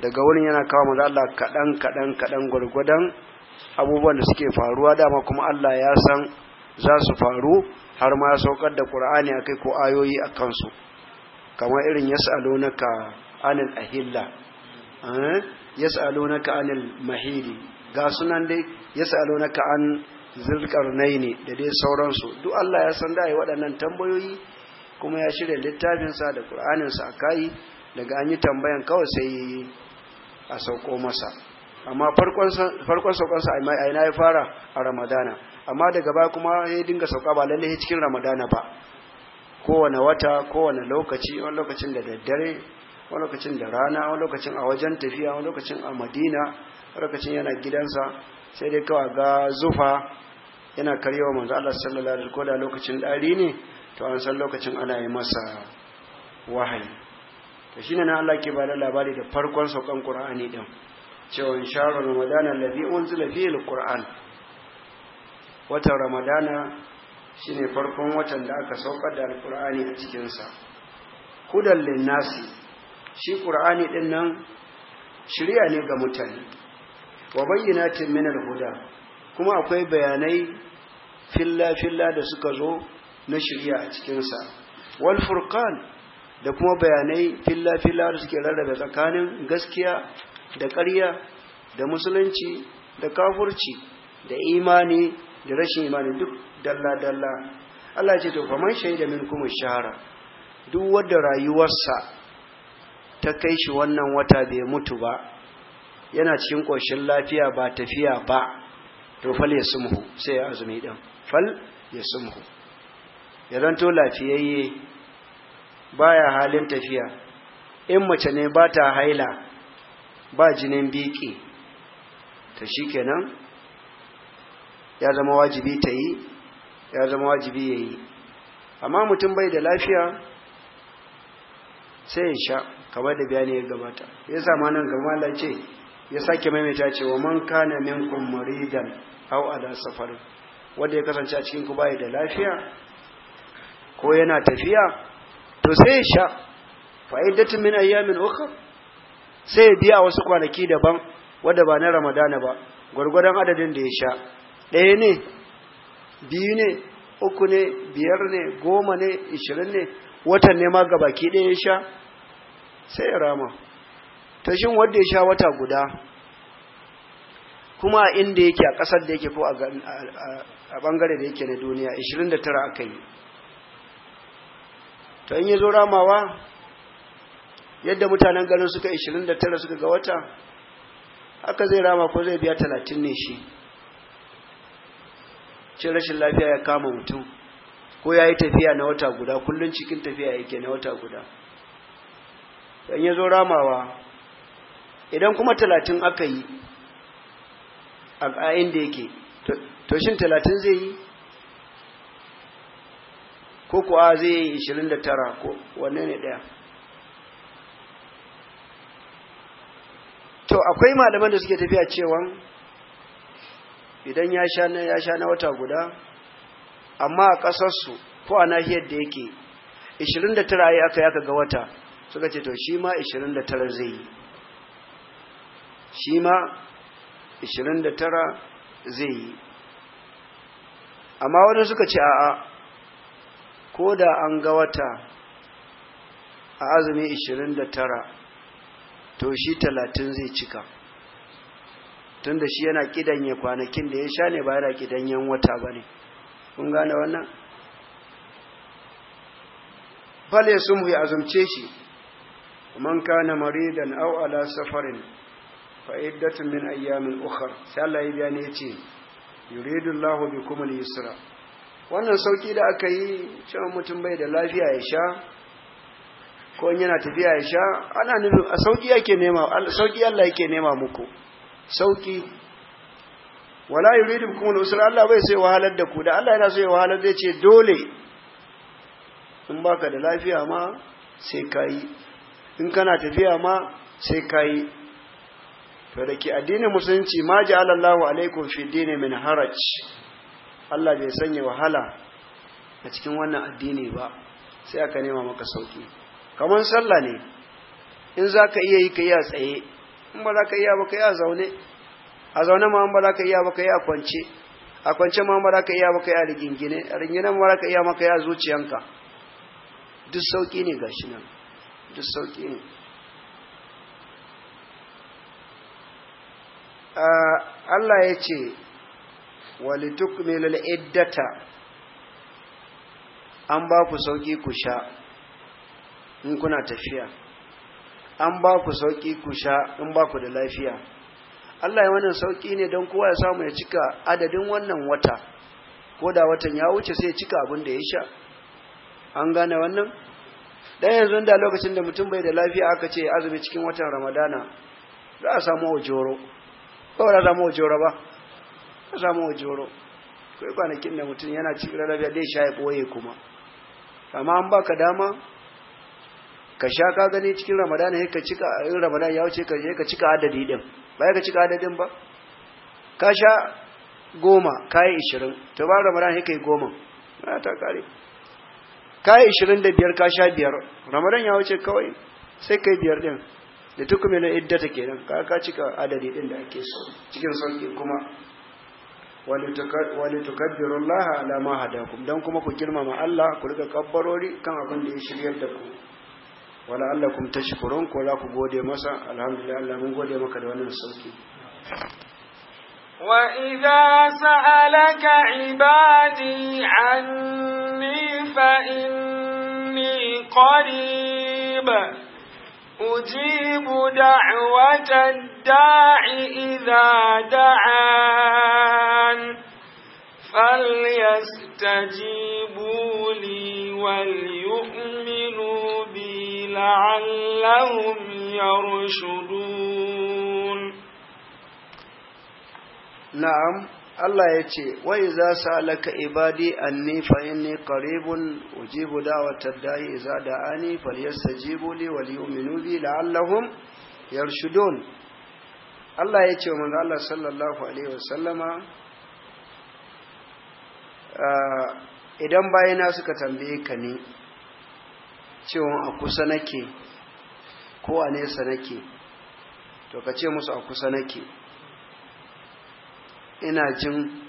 daga wurin yana kawo manzo Allah kaɗan kaɗan kaɗan gwargwadon abubuwan da suke faruwa dama kuma Allah ya san za su faru har ma ya saukar da qur'ani akai ko ayoyi a kansu kamar irin yas'alunaka anil ahilla eh? yas'alunaka anil mahili ga sunan dai yas'alunaka an zilkarnaini da dai sauransu duk Allah ya san da yi waɗannan tambayoyi kuma ya shirya littafinsa da ƙur'aninsa a kayi daga an yi tambayan kawai sai a sauko masa amma farkon saukonsa a ina ya fara a ramadana amma daga baya kuma ya dinga sauka ba lallai cikin ramadana ba kowane wata kowane lokaci wani lokacin da daddare wani lokacin da rana wani lokacin a wajen tafiya wani lokacin a madina wani lokacin yana gidansa sai dai kawai ga zufa yana karyewa manzo Allah sallallahu alaihi wasallam ko da lokacin dari ne to an san lokacin ana yi masa wahayi to shine na Allah ke bada labari da farkon saukan Qur'ani din cewa sha ramadana alladhi unzila fihi alquran watan ramadana shine farkon watan da aka saukar da alqur'ani a cikinsa. sa hudan linnasi shi qur'ani din nan shirya ne ga mutane wa bayyinatin min alhuda kuma akwai bayanai filla filla da suka zo na shirya a cikinsa wal furqan da kuma bayanai filla filla da suke rarrabe tsakanin gaskiya da ƙarya da musulunci da kafurci da imani da rashin imani duk dalla dalla Allah ce to faman shaida kuma shahara duk wanda rayuwarsa ta kai shi wannan wata bai mutu ba yana cikin ƙoshin lafiya ba tafiya ba to fal ya sumhu sai ya azumi din fal ya sumhu ya zanto lafiyayye ya halin tafiya in mace ne ba ta haila ba jinin biki ta shi kenan ya zama wajibi ta yi ya zama wajibi ya yi amma mutum bai da lafiya sai ya sha kamar da ne ya gabata ya sama nan gama ce ya sake maimaita ce wa man kana minkum maridan aw ala safari wanda ya kasance a cikin ku bai da lafiya ko yana tafiya to sai sha fa'idatun min ayyamin ukhra sai biya wasu kwanaki daban wanda ba na ramadana ba gwargwadon adadin da ya sha ɗaya ne biyu ne uku ne biyar ne goma ne ishirin ne watan ne ma gabaki ɗaya ya sha sai ya rama shin wanda ya sha wata guda kuma inda yake a ƙasar da yake ko a bangare da yake na duniya 29 aka yi to yi zo ramawa yadda mutanen garin suka 29 suka ga wata haka zai rama ko zai biya 30 ne shi cin rashin lafiya ya kama mutum ko ya yi tafiya na wata guda kullum cikin tafiya yake na wata guda ta yi zo ramawa idan kuma 30 aka yi a inda yake to shin 30 zai yi ko kuwa zai yi 29 ko wanne ne daya to akwai malaman da suke tafiya cewan idan ya sha na ya sha na wata guda amma a ƙasarsu ko a nahiyar da yake 29 ya aka yaka ga wata suka ce to shi ma 29 zai yi shi ma 29 zai yi amma wadanda suka ce a'a ko da an ga wata a azumi 29 to shi 30 zai cika tun da shi yana kidanye kwanakin da ya sha ne ba yana kidanyen wata ba ne kun gane wannan fale sun ya azumce shi man kana maridan aw ala safarin fa iddatun min ayyamin ukhra sai Allah ya biya yace yuridu Allahu bikum al-yusra wannan sauki da aka yi cewa mutum bai da lafiya ya sha ko yana tafiya ya sha ana nufin a sauki yake nema sauki Allah yake nema muku sauki wala yuridu kuma al-usra Allah bai sai wahalar da ku da Allah yana so ya wahalar zai ce dole in baka da lafiya ma sai kai in kana tafiya ma sai kai to da ke addinin musulunci ma ja'alallahu alaikum fi dini min haraj Allah bai sanya wahala a cikin wannan addini ba sai aka nema maka sauki kamar sallah ne in za ka iya yi ka yi a tsaye in ba za ka iya ba ka yi a zaune a zaune ma ba za ka iya ba ka yi a kwance a kwance ma ba za ka iya ba ka yi a rigingine a rigingine ma ba za ka iya ma ka yi a zuciyanka duk sauki ne shi nan duk sauki ne ah, Allah ya ce walitukmilul iddata an ba ku sauki ku sha in kuna tafiya an ba ku sauki ku sha in ba ku da lafiya Allah ya wannan sauki ne don kowa ya samu ya cika adadin wannan wata ko da watan ya wuce sai ya cika abin da ya sha an gane wannan dan yanzu da lokacin da mutum bai da lafiya aka ce azumi cikin watan Ramadana za a samu wajoro ba za a samu wajoro ba ka samu wajoro kai kwanakin da mutum yana cikin rarrabiya dai sha ya boye kuma amma an baka dama ka sha ka gani cikin ramadan sai ka cika in ramadan ya wuce ka je ka cika adadi din ba ka cika adadin ba ka sha goma ka yi ishirin to ba ramadan sai kai goma na ta kare ka yi ishirin da biyar ka sha biyar ramadan ya wuce kawai sai kai biyar din da na iddata kenan ka ka cika adadi din da ake so cikin sauki kuma walitukabbiru Allah ala ma hadakum dan kuma ku girmama Allah ku riga kabbarori kan abin da ya shiryar da ku wala allakum tashkurun ko la ku gode masa alhamdulillah Allah mun gode maka da wannan sauki wa idza sa'alaka ibadi anni fa inni qarib أجيب دعوة الداع إذا دعان فليستجيبوا لي وليؤمنوا بي لعلهم يرشدون نعم الله يتي وإذا سألك إبادي أني فإني قريب أجيب دعوة الداعي إذا دعاني فليستجيبوا لي وليؤمنوا بي لعلهم يرشدون الله يتي ومن الله صلى الله عليه وسلم وسلم Eh, idan na suka tambaye ka ne cewa a kusa nake ko a nesa nake to ka ce musu a kusa nake ina jin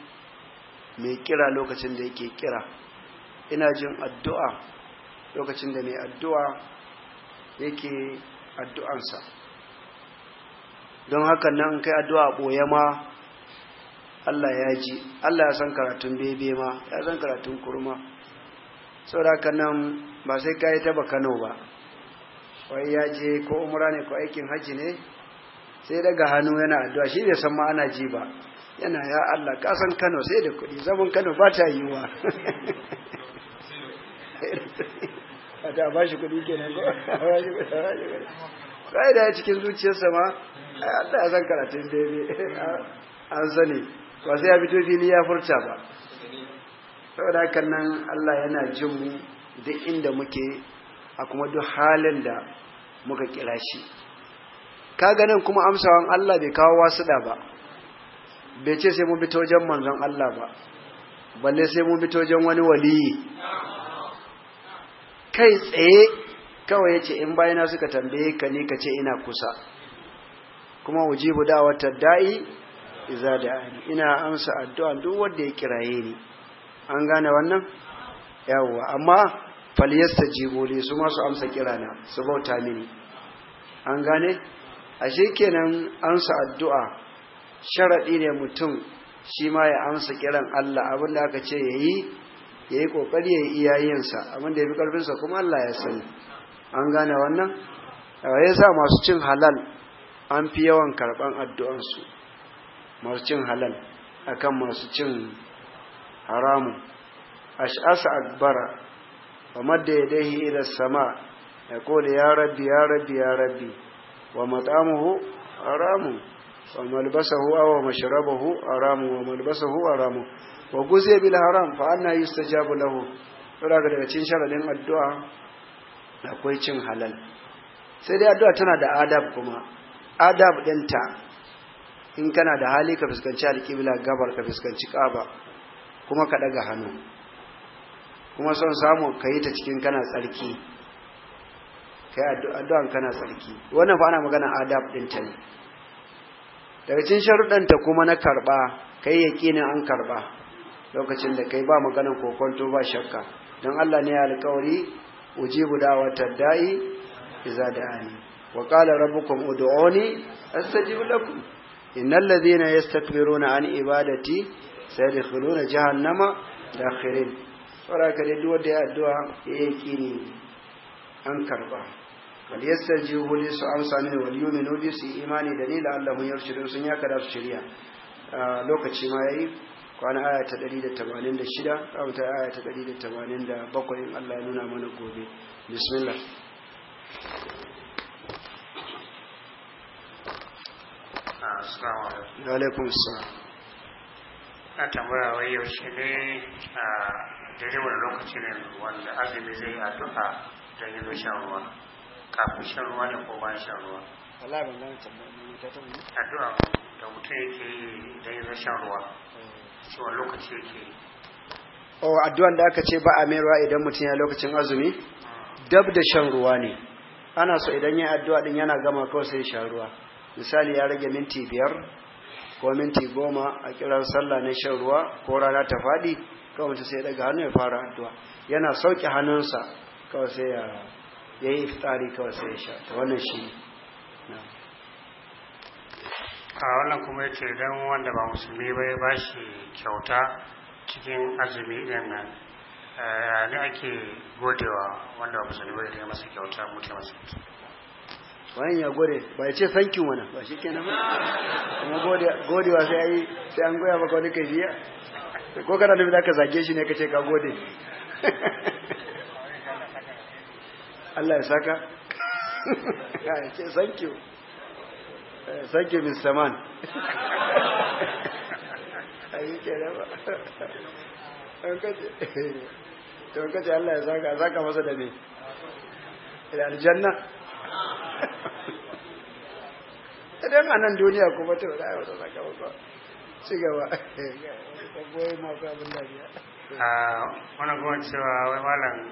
mai kira lokacin da yake kira ina jin addu'a lokacin da mai addu'a yake addu'ansa don haka nan kai addu'a ɓoye ma Allah ya ji Allah ya san karatun bebe ma ya san karatun kurma saboda haka nan ba sai ka yi taba Kano ba wai ya je ko umra ne ko aikin haji ne sai daga hannu yana addu'a shi bai san ma ana ji ba yana ya Allah ka san Kano sai da kuɗi zaman Kano ba ta yiwa a ta ba shi kuɗi kenan ko kai da cikin zuciyarsa ma Allah ya san karatun bebe an sani ba sai ya fito fili ya furta ba saboda hakan nan Allah yana jin mu duk inda muke a kuma duk halin da muka kira shi kaga nan kuma amsawan Allah bai kawo wasu da ba bai ce sai mun bi wajen manzon Allah ba balle sai mu bi jan wani waliyi kai tsaye kawai yace in bayana suka tambaye ka ne ka ce ina kusa kuma wujibu da'awatar da'i iza da ahli ina amsa addu'a duk wanda ya kiraye ni an gane wannan yawa amma falyastajibu li su masu amsa amsa kirana su bauta mini an gane ashe kenan amsa addu'a sharaɗi ne mutum shi ma ya amsa kiran Allah abin da aka ce yayi yayi kokari yayi iyayensa abin da yafi karfin sa kuma Allah ya sani an gane wannan yasa masu cin halal an fi yawan karban addu'ansu masu cin halal akan masu cin haramu ash'asa akbara wa madda yadayhi ila sama Ya kone ya rabbi ya rabbi ya rabbi wa matsamuhu haramun wa malbasahu aw mashrabahu haramun wa malbasahu haramun wa guziya bil haram fa anna jabu lahu saboda daga cikin sharadin addu'a akwai cin halal sai dai addu'a tana da adab kuma adab ɗinta in kana da hali ka fuskanci alƙibla gabar ka fuskanci ƙaba kuma ka daga hannu kuma son samu ka yi ta cikin kana tsarki ka yi addu'an kana tsarki wannan fa ana magana adab ɗin ta ne daga cikin sharuɗanta kuma na karɓa kai yi ne an karɓa lokacin da kai ba maganan kokonto ba shakka don Allah ne ya alƙawari ujibu da'watad da'i iza da'ani wa qala rabbukum ud'uni astajib lakum innal ladhina yastakbiruna an ibadati sayadkhuluna jahannama dakhirin saboda ka dai wanda ya addu'a yayi kini an karba yastajibu li su amsa wal yu'minu bi su imani da ni la'allahu sun ya kada su shirya lokaci ma yayi kwana aya ta 186 in Allah ya nuna mana gobe bismillah Assalamu alaikum. Wa alaikum assalam. Na tambaya wai yaushe ne a ah, daidai wani lokaci ne wanda azumi zai yi addu'a don yi shan ruwa. Kafin shan ruwa ne ko bayan shan ruwa. Wallahi ban gane tambayar ta Addu'a da mutum yake yi don yi shan ruwa. Eh. Shi wani lokaci yake yi. Oh addu'an da aka ce ba a mai ruwa idan mutum ya lokacin azumi? Hmm. Dab da shan ruwa ne. Ana so idan ya addu'a din yana gama kawai sai shan ruwa. misali ya rage minti biyar ko minti goma a kiran sallah na shan ruwa ko rana ta faɗi kawai mutum sai daga hannu ya fara addu'a yana sauke hannunsa kawai sai ya ya yi iftari kawai sai ya sha ta wannan shi a wannan kuma ya ce idan wanda ba musulmi ba ya ba shi kyauta cikin azumi ɗin nan eh, ne ake godewa wanda ba musulmi ba ya masa kyauta mutum masa kyauta bayan ya gode ba ya ce thank you mana ba shi kenan ba kuma wa sai yi sai an goya maka wani kaifiya ko kana nufi zaka zage shi ne ka ce ka gode Allah ya saka ya ce thank you eh, thank you Mr. Man ai kenan ba an kace to kace Allah ya saka saka masa da me ila aljanna idan a nan duniya kuma to da yau gaba ci gaba goyi abin da biya cewa wai malam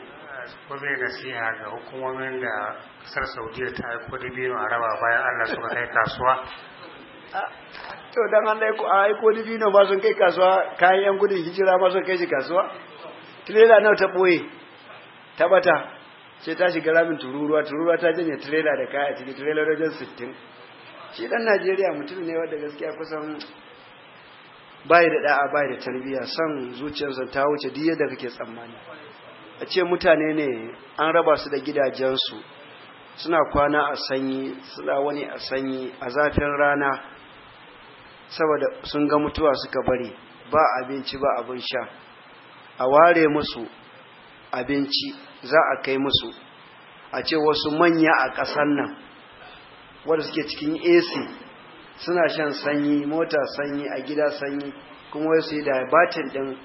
ko nasiha ga hukumomin da kasar saudiya ta aiko dibino a raba bayan allah suka kai kasuwa to dan a aiko dibino ba sun kai kasuwa kayan yan gudun hijira ba sun kai shi kasuwa tilela nawa ta ɓoye ce ta shiga ramin tururuwa tururuwa ta janye trela da kaya ciki trela wajen sittin shi dan najeriya mutum ne wanda gaskiya kusan bayi da da'a bayi da tarbiyya son zuciyarsa ta wuce duk yadda kake tsammani a ce mutane ne an raba su da gidajensu suna kwana a sanyi suna wani a sanyi a zafin rana saboda sun ga mutuwa suka bari ba abinci ba abin sha a ware musu abinci za a kai musu a ce wasu manya a ƙasar nan wadda suke cikin ac suna shan sanyi mota sanyi a gida sanyi kuma wasu su yi da batin ɗin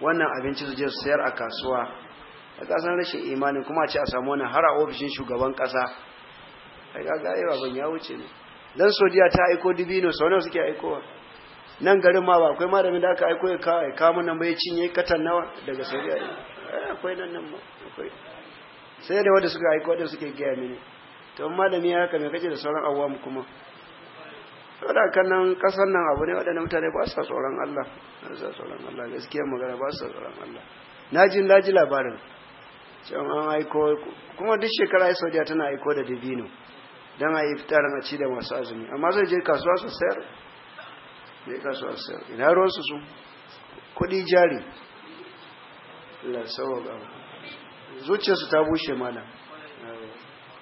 wannan abinci su je su sayar a kasuwa a ƙasar rashin imanin kuma a ce a samu wani har a ofishin shugaban ƙasa a gagayewa ban ya wuce ne dan sojiya ta aiko dubino sau nawa suke aikowa nan garin ma ba akwai malamin da aka aiko ya kawo ya kawo nan bai cinye katan nawa daga sodiya akwai nan nan ma akwai sai da wanda suka aiko da suke gaya mini to da ya haka me kace da sauran awam kuma saboda kan nan kasan nan abu ne waɗannan mutane ba su tsoron Allah ba su tsoron Allah gaskiya magana ba su tsoron Allah naji naji labarin cewa an aiko kuma duk shekara Saudiya tana aiko da dibino dan a iftarin a ci da masu azumi amma zai je kasuwa su sayar ne kasuwa su sayar ina ruwan su su kuɗi jari Allah ya sauwaka zuciyarsu ta bushe mana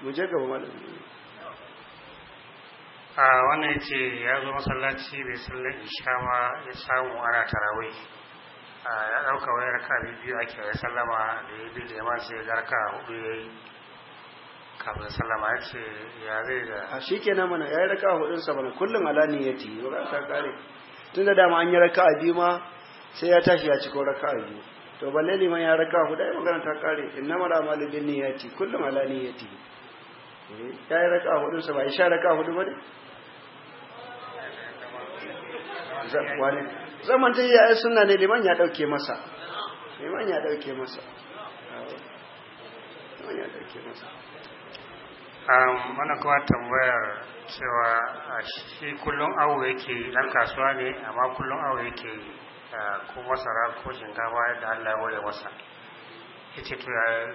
mu je gaba mana a wannan ya ce ya zo masallaci bai salla isha ma ya samu ana tarawai ya ɗauka wayar ka biyu ake wai sallama da ya bi da yamma sai garka hudu ya yi kafin sallama ya ce ya zai da a shi ke na mana ya yi raka hudun sa mana kullum alani ya ti yi ta kare tun da dama an yi raka biyu ma sai ya tashi ya ci ko raka biyu to balle liman ya raka huda ya magana ta kare inna mara malu bin niyyati kullum ala niyyati eh, ya yi raka hudun sa ba ya sha raka hudu bane wani zaman ta yi sunna ne liman ya dauke masa liman ya dauke masa liman ya dauke masa mana kuma tambayar cewa shi kullum awo yake dan kasuwa ne amma kullum awo yake yi ta ko masara ko shinkafa yadda Allah ya ware masa yace to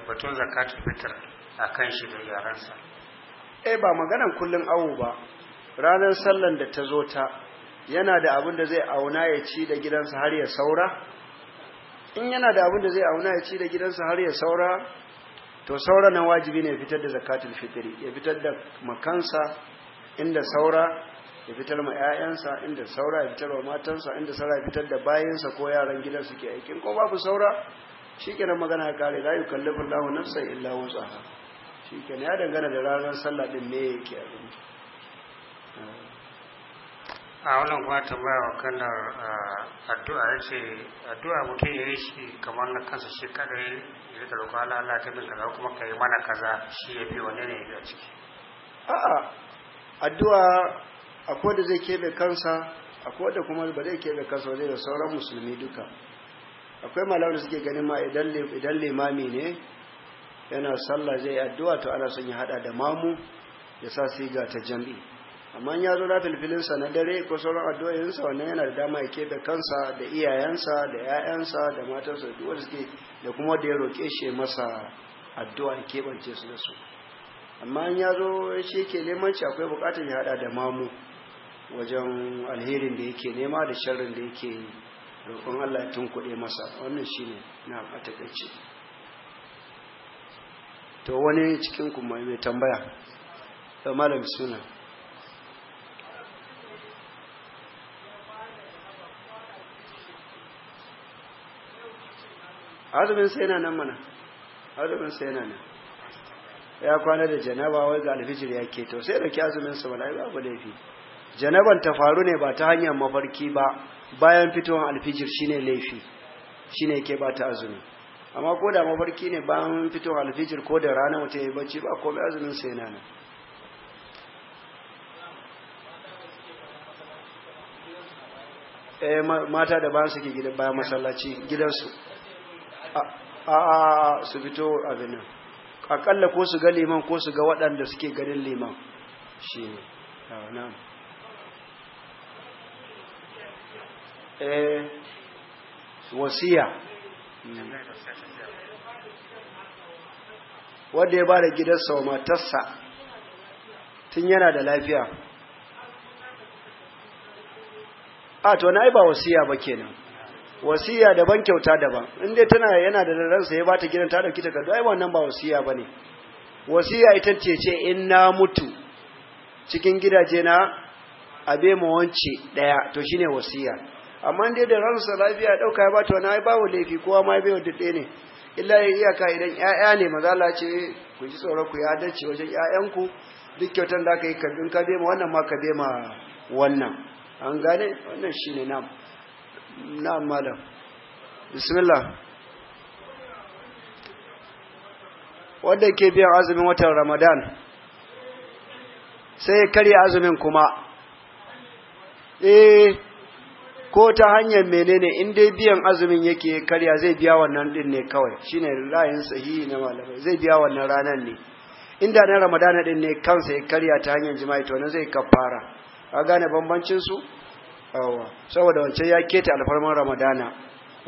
batun fitar fitr akan shi da yaransa eh ba maganan kullun awo ba ranar sallan da ta zo ta yana da abin da zai auna ya ci da gidansa har ya saura in yana da abin da zai auna ya ci da gidansa har ya saura to saura nan wajibi ne ya fitar da zakatul fitri ya fitar da makansa inda saura ya fitar ma 'ya'yansa inda saura ya fitar wa matansa inda saura ya fitar da bayansa ko yaran gidan suke aikin ko babu saura shi kenan magana ya kare la yukallifu Allahu nafsan illa wus'aha shi kenan ya dangana da ranar sallah din ne yake abin a wannan kuma tambaya wa kanar addu'a ya ce addu'a mutum ya yi shi kamar na kansa shi kadai ya rika roƙon Allah Allah ta bin kaza kuma kai mana kaza shi ya fi wani ne a ciki a'a addu'a akwai da zai keɓe kansa akwai da kuma ba zai keɓe kansa zai da sauran musulmi duka akwai malawar da suke ganin ma idan limami ne yana sallah zai addu'a to ana son ya hada da mamu ya sa siga ta jam'i amma ya zo na sa na dare ko sauran addu'o'insa wannan yana da dama ya kebe kansa da iyayensa da 'ya'yansa da matarsa da duwar suke da kuma da ya roƙe shi masa addu'a ya keɓance su da su amma ya zo shi ke neman akwai buƙatar ya haɗa da mamu wajen alherin da yake nema da sharrin da yake yi roƙon Allah tun kuɗe masa wannan shine na a to wani cikin kuma mai tambaya da malam suna azumin sai na nan mana azumin sai na nan ya kwana da janaba wai ga alfijir ya ke to sai da ki azumin sa wala babu laifi janaban ta faru ne ba ta hanyar mafarki ba bayan fitowar alfijir shine laifi shine yake ba ta azumi amma ko da mafarki ne bayan fitowar alfijir ko da rana mutum ya bacci ba komai azumin sai na nan eh mata da su suke gidan bayan masallaci gidansu a su fito a nan akalla ko su ga liman ko su ga waɗanda suke ganin liman shi ne eh wasiya hmm. wanda ya ba da gidansa wa matarsa tun yana da lafiya a to na ba wasiya ba kenan wasiya daban kyauta daban in dai tana yana da ransa ya ba ta gidan ta dauki takardu ai wannan ba wasiya ba ne. wasiya ita ce ce in na mutu cikin gidaje na abe mu wance daya to shine wasiya amma dai da ransa lafiya dauka ya bata wani ba babu laifi kowa ma bai wadda ne illa ya iyaka idan ƴaƴa ne mazala ce ku ji tsoron ku ya dace wajen ‘ya’yanku duk kyautan da aka yi kabin ka bema wannan ma ka bema wannan an gane wannan shine nam na'am malam bismillah wanda ke biyan azumin watan ramadan sai ya karya azumin kuma eh ko ta hanyar menene in dai biyan azumin yake karya zai biya wannan din ne kawai shine ra'ayin sahihi na malamai zai biya wannan ranar ne inda na ramadana din ne kansa ya karya ta hanyar jima'i to nan zai kafara a gane bambancin su yawa saboda wancan ya keta alfarman ramadana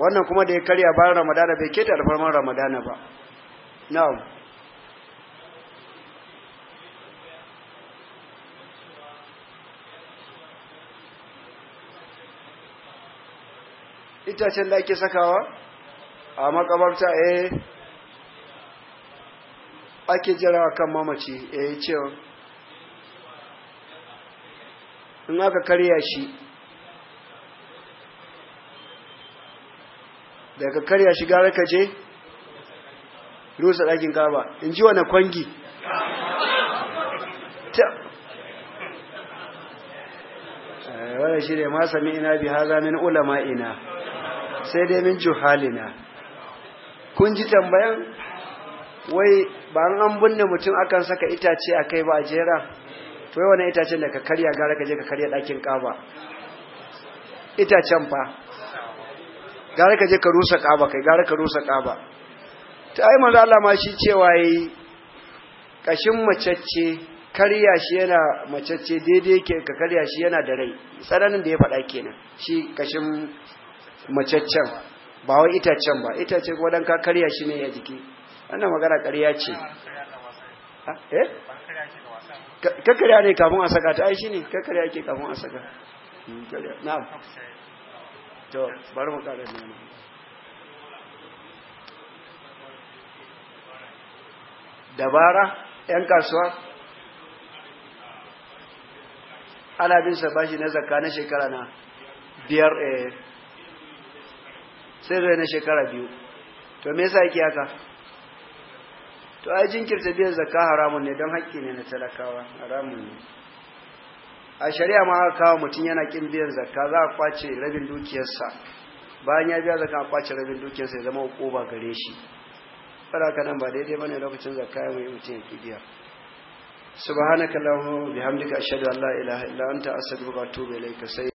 wannan kuma da ya karya bayan ramadana bai keta alfarman ramadana ba na'am itacen da ake sakawa a makabarta eh ake jira kan mamaci eh cewa in aka karya shi daga karya shi gara ka je rusa ɗakin kaba in ji wani kwangi eh, wani shi ne ma sami ina bi haza min ina. sai dai min halina kun ji tambayan wai ba an binne mutum akan saka itace a kai ba a jera to wai wani itacen da ka karya gara ka je ka karya ɗakin ƙaba itacen fa gara ka je ka rusa ƙaba kai gara ka rusa ƙaba ta ai manzo Allah ma shi cewa yi kashin macacce karya shi yana macacce daidai yake ka karya shi yana da rai tsananin da ya faɗa kenan shi kashin macaccen ba wai itacen ba itace ko dan ka karya shi ne ya jiki wannan magana karya ce eh ka kakkarya ne kafin a saka ta ai shine kakkarya ke kafin a saka hmm, na'am to bari mu kare ne dabara yan kasuwa ana bin sabashi na zakka na shekara na biyar eh sai zo na shekara biyu to me yasa yake haka to ai jinkirta biyan zakka haramun ne don haƙƙi ne na talakawa haramun ne a shari'a ma aka kawo mutum yana kin biyan zakka za a kwace rabin dukiyarsa bayan ya biya zakka a kwace rabin dukiyarsa ya zama hukuma gare shi ka nan ba daidai bane lokacin zakka ya mai mutum ya biya subhanakallahumma bihamdika ashhadu an la ilaha illa anta astaghfiruka wa atubu ilayka